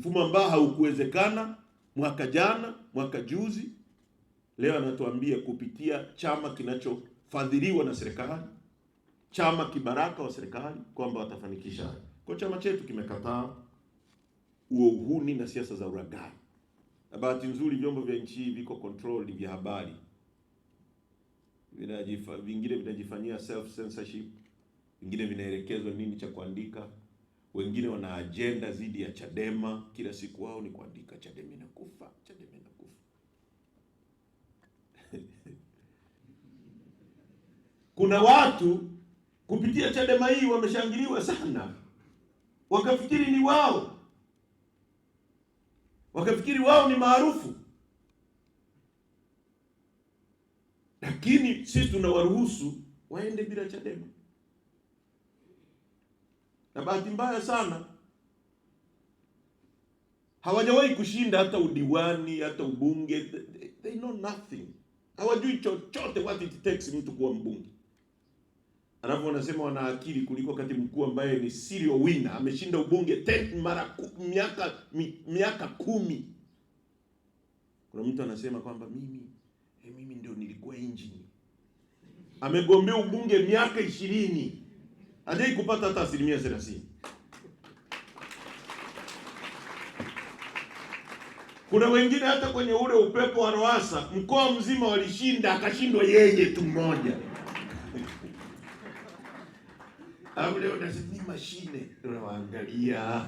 mfumo ambao haukuwezekana mwaka jana, mwaka juzi. Leo anatuambia kupitia chama kinachofadhiliwa na serikali, chama kibaraka wa serikali, kwamba watafanikisha Kwa chama chetu kimekataa huo uhuni na siasa za uragai na bahati nzuri vyombo vya nchi hii viko control vya habari vingine vinajifanyia self censorship, vingine vinaelekezwa nini cha kuandika wengine wana ajenda dhidi ya Chadema. Kila siku wao ni kuandika Chadema inakufa, Chadema inakufa. Kuna watu kupitia Chadema hii wameshangiliwa sana, wakafikiri ni wao, wakafikiri wao ni maarufu, lakini sisi tunawaruhusu waende bila Chadema na bahati mbaya sana hawajawahi kushinda hata udiwani hata ubunge. They, they know nothing, hawajui chochote what it takes mtu kuwa mbunge. Alafu wanasema wana akili kuliko kati mkuu ambaye ni serial winner, ameshinda ubunge ten mara miaka mi, miaka kumi. Kuna mtu anasema kwamba mimi eh, mimi ndio nilikuwa engine, amegombea ubunge miaka ishirini hajai kupata hata asilimia thelathini. Kuna wengine hata kwenye ule upepo wa Roasa mkoa mzima walishinda, akashindwa yeye tu mmoja. Au leo ni mashine tunawaangalia.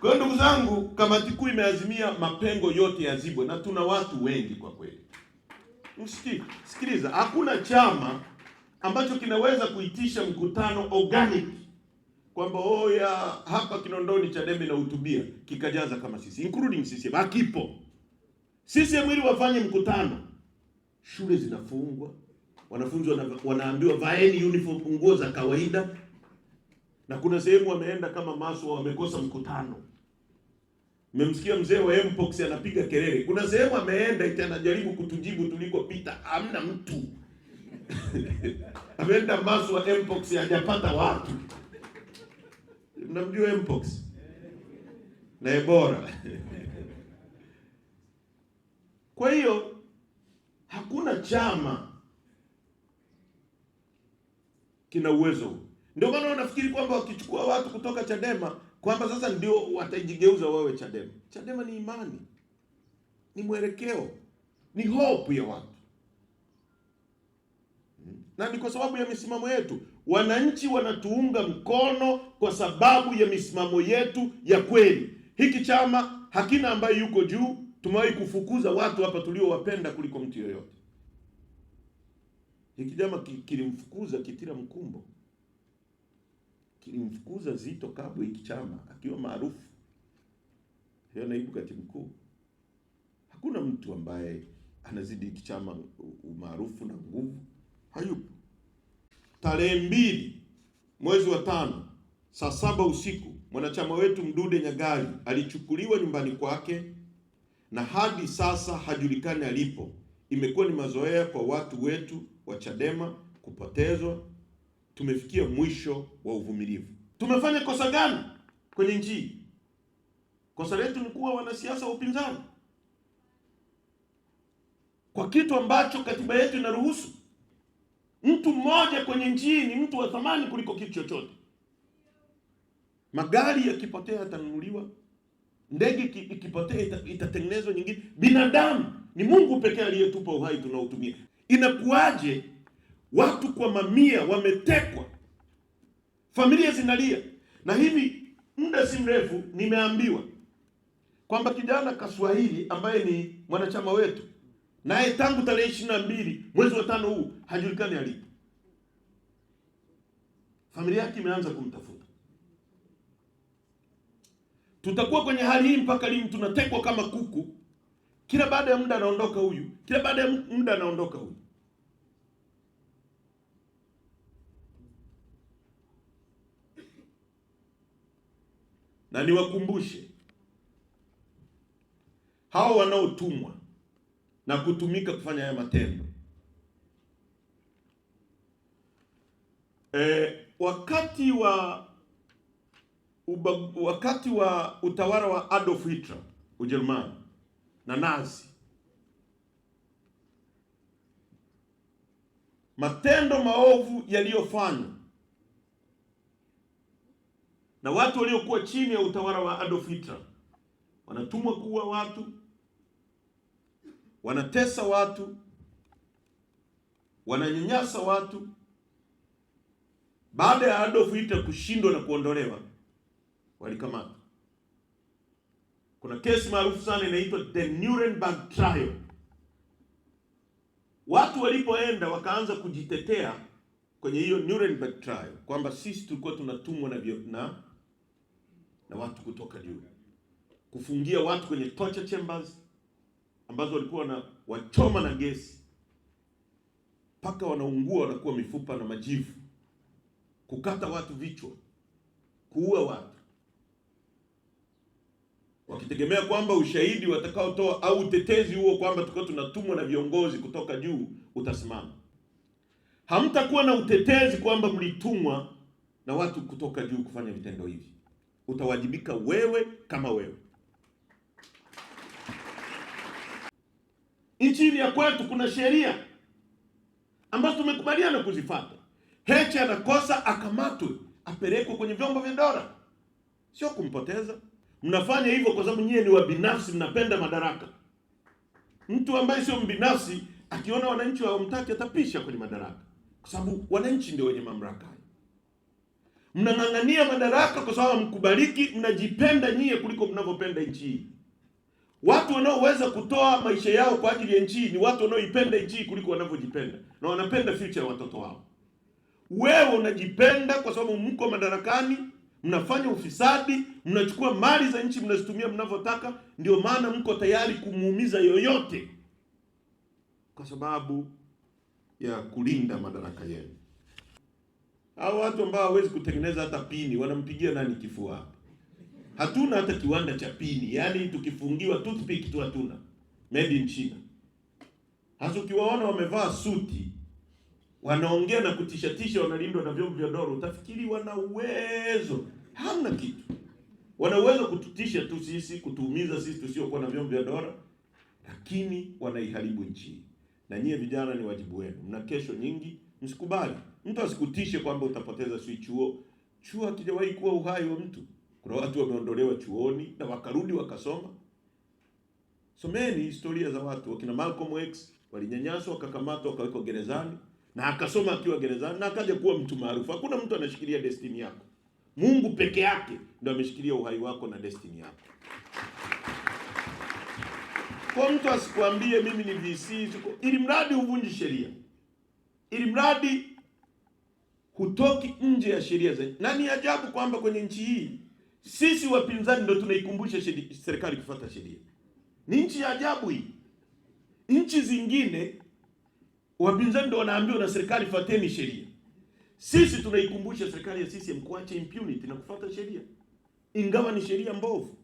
Kwa hiyo ndugu zangu, kamati kuu imeazimia mapengo yote yazibwe, na tuna watu wengi kwa kweli. sikiliza hakuna chama ambacho kinaweza kuitisha mkutano organic kwamba oya oh, hapa Kinondoni Chadema hutubia kikajaza kama sisi including sisi akipo sisi mwili wafanye mkutano, shule zinafungwa, wanafunzi wana, wanaambiwa vaeni uniform, nguo za kawaida, na kuna sehemu wameenda kama Maswa wamekosa mkutano. Mmemsikia mzee wa Mpox anapiga kelele, kuna sehemu ameenda ita anajaribu kutujibu tulikopita, hamna mtu ameenda Maswa, mpox hajapata watu. Mnamjua mpox na ebora kwa hiyo hakuna chama kina uwezo huu. Ndio maana wanafikiri kwamba wakichukua watu kutoka Chadema kwamba sasa ndio watajigeuza wawe Chadema. Chadema ni imani, ni mwelekeo, ni hope ya watu na ni kwa sababu ya misimamo yetu. Wananchi wanatuunga mkono kwa sababu ya misimamo yetu ya kweli. Hiki chama hakina ambaye yuko juu. Tumewahi kufukuza watu hapa tuliowapenda kuliko mtu yoyote. Hiki chama kilimfukuza kitira Mkumbo, kilimfukuza Zito Kabwe, hiki chama akiwa maarufu hiyo naibu kati mkuu. Hakuna mtu ambaye anazidi hiki chama umaarufu na nguvu hayupo. Tarehe mbili mwezi wa tano saa saba usiku mwanachama wetu Mdude Nyagali alichukuliwa nyumbani kwake na hadi sasa hajulikani alipo. Imekuwa ni mazoea kwa watu wetu wa Chadema kupotezwa. Tumefikia mwisho wa uvumilivu. Tumefanya kosa gani kwenye nchi? Kosa letu ni kuwa wanasiasa wa upinzani kwa kitu ambacho katiba yetu inaruhusu. Mtu mmoja kwenye nchi ni mtu wa thamani kuliko kitu chochote. Magari yakipotea yatanunuliwa, ndege ikipotea itatengenezwa nyingine. Binadamu ni Mungu pekee aliyetupa uhai tunaotumia. Inakuwaje watu kwa mamia wametekwa, familia zinalia? Na hivi muda si mrefu nimeambiwa kwamba kijana Kaswahili ambaye ni mwanachama wetu naye tangu tarehe ishirini na mbili mwezi wa tano huu hajulikani alipo. Familia yake imeanza kumtafuta. Tutakuwa kwenye hali hii mpaka lini? Tunatekwa kama kuku, kila baada ya muda anaondoka huyu, kila baada ya muda anaondoka huyu. Na niwakumbushe hao wanaotumwa na kutumika kufanya haya matendo. E, wakati wa uba, wakati wa utawala wa Adolf Hitler Ujerumani na Nazi, matendo maovu yaliyofanywa na watu waliokuwa chini ya utawala wa Adolf Hitler wanatumwa kuua watu wanatesa watu, wananyanyasa watu. Baada ya Adolf Hitler kushindwa na kuondolewa, walikamata. Kuna kesi maarufu sana inaitwa the Nuremberg trial. Watu walipoenda wakaanza kujitetea kwenye hiyo Nuremberg trial kwamba sisi tulikuwa tunatumwa na, na na watu kutoka juu kufungia watu kwenye torture chambers ambazo walikuwa na wachoma na gesi mpaka wanaungua, wanakuwa mifupa na majivu, kukata watu vichwa, kuua watu, wakitegemea kwamba ushahidi watakaotoa au utetezi huo kwamba tulikuwa tunatumwa na viongozi kutoka juu utasimama. Hamtakuwa na utetezi kwamba mlitumwa na watu kutoka juu kufanya vitendo hivi. Utawajibika wewe kama wewe. nchini ya kwetu kuna sheria ambazo tumekubaliana kuzifuata. Heche anakosa akamatwe, apelekwe kwenye vyombo vya dola, sio kumpoteza. Mnafanya hivyo kwa sababu nyie ni wabinafsi, mnapenda madaraka. Mtu ambaye sio mbinafsi akiona wananchi hawamtaki atapisha kwenye madaraka, kwa sababu wananchi ndio wenye mamlaka. Mnang'ang'ania madaraka kwa sababu mkubaliki, mnajipenda nyie kuliko mnavyopenda nchi hii. Watu wanaoweza kutoa maisha yao kwa ajili ya nchi ni watu wanaoipenda nchi kuliko wanavyojipenda, na wanapenda future ya watoto wao. Wewe unajipenda kwa sababu mko madarakani, mnafanya ufisadi, mnachukua mali za nchi, mnazitumia mnavyotaka. Ndio maana mko tayari kumuumiza yoyote kwa sababu ya kulinda madaraka yenu. Hao watu ambao hawawezi kutengeneza hata pini, wanampigia nani kifua? Hatuna hata kiwanda cha pini, yaani tukifungiwa toothpick tu hatuna, made in China. Hasa ukiwaona wamevaa suti wanaongea na kutishatisha, wanalindwa na vyombo vya dola, utafikiri wana uwezo. Hamna kitu, wana uwezo kututisha tu sisi, kutuumiza sisi tusiokuwa na vyombo vya dola, lakini wanaiharibu nchi. Na nyie vijana, ni wajibu wenu, mna kesho nyingi, msikubali mtu asikutishe kwamba utapoteza sui chuo. Chuo hakijawahi kuwa uhai wa mtu. Kuna watu wameondolewa chuoni na wakarudi wakasoma. Someni historia za watu, wakina Malcolm X walinyanyaswa, wakakamatwa, wakawekwa gerezani na akasoma akiwa gerezani na akaja kuwa mtu maarufu. Hakuna mtu anashikilia destiny yako, Mungu peke yake ndo ameshikilia uhai wako na destiny yako. Kwa mtu asikwambie mimi ni VC, ili mradi huvunji sheria, ili mradi hutoki nje ya sheria za nani. Ajabu kwamba kwenye nchi hii sisi wapinzani ndo tunaikumbusha serikali kufuata sheria. Ni nchi ya ajabu hii. Nchi zingine wapinzani ndo wanaambiwa na serikali, fuateni sheria. Sisi tunaikumbusha serikali ya CCM kuacha impunity na kufuata sheria, ingawa ni sheria mbovu.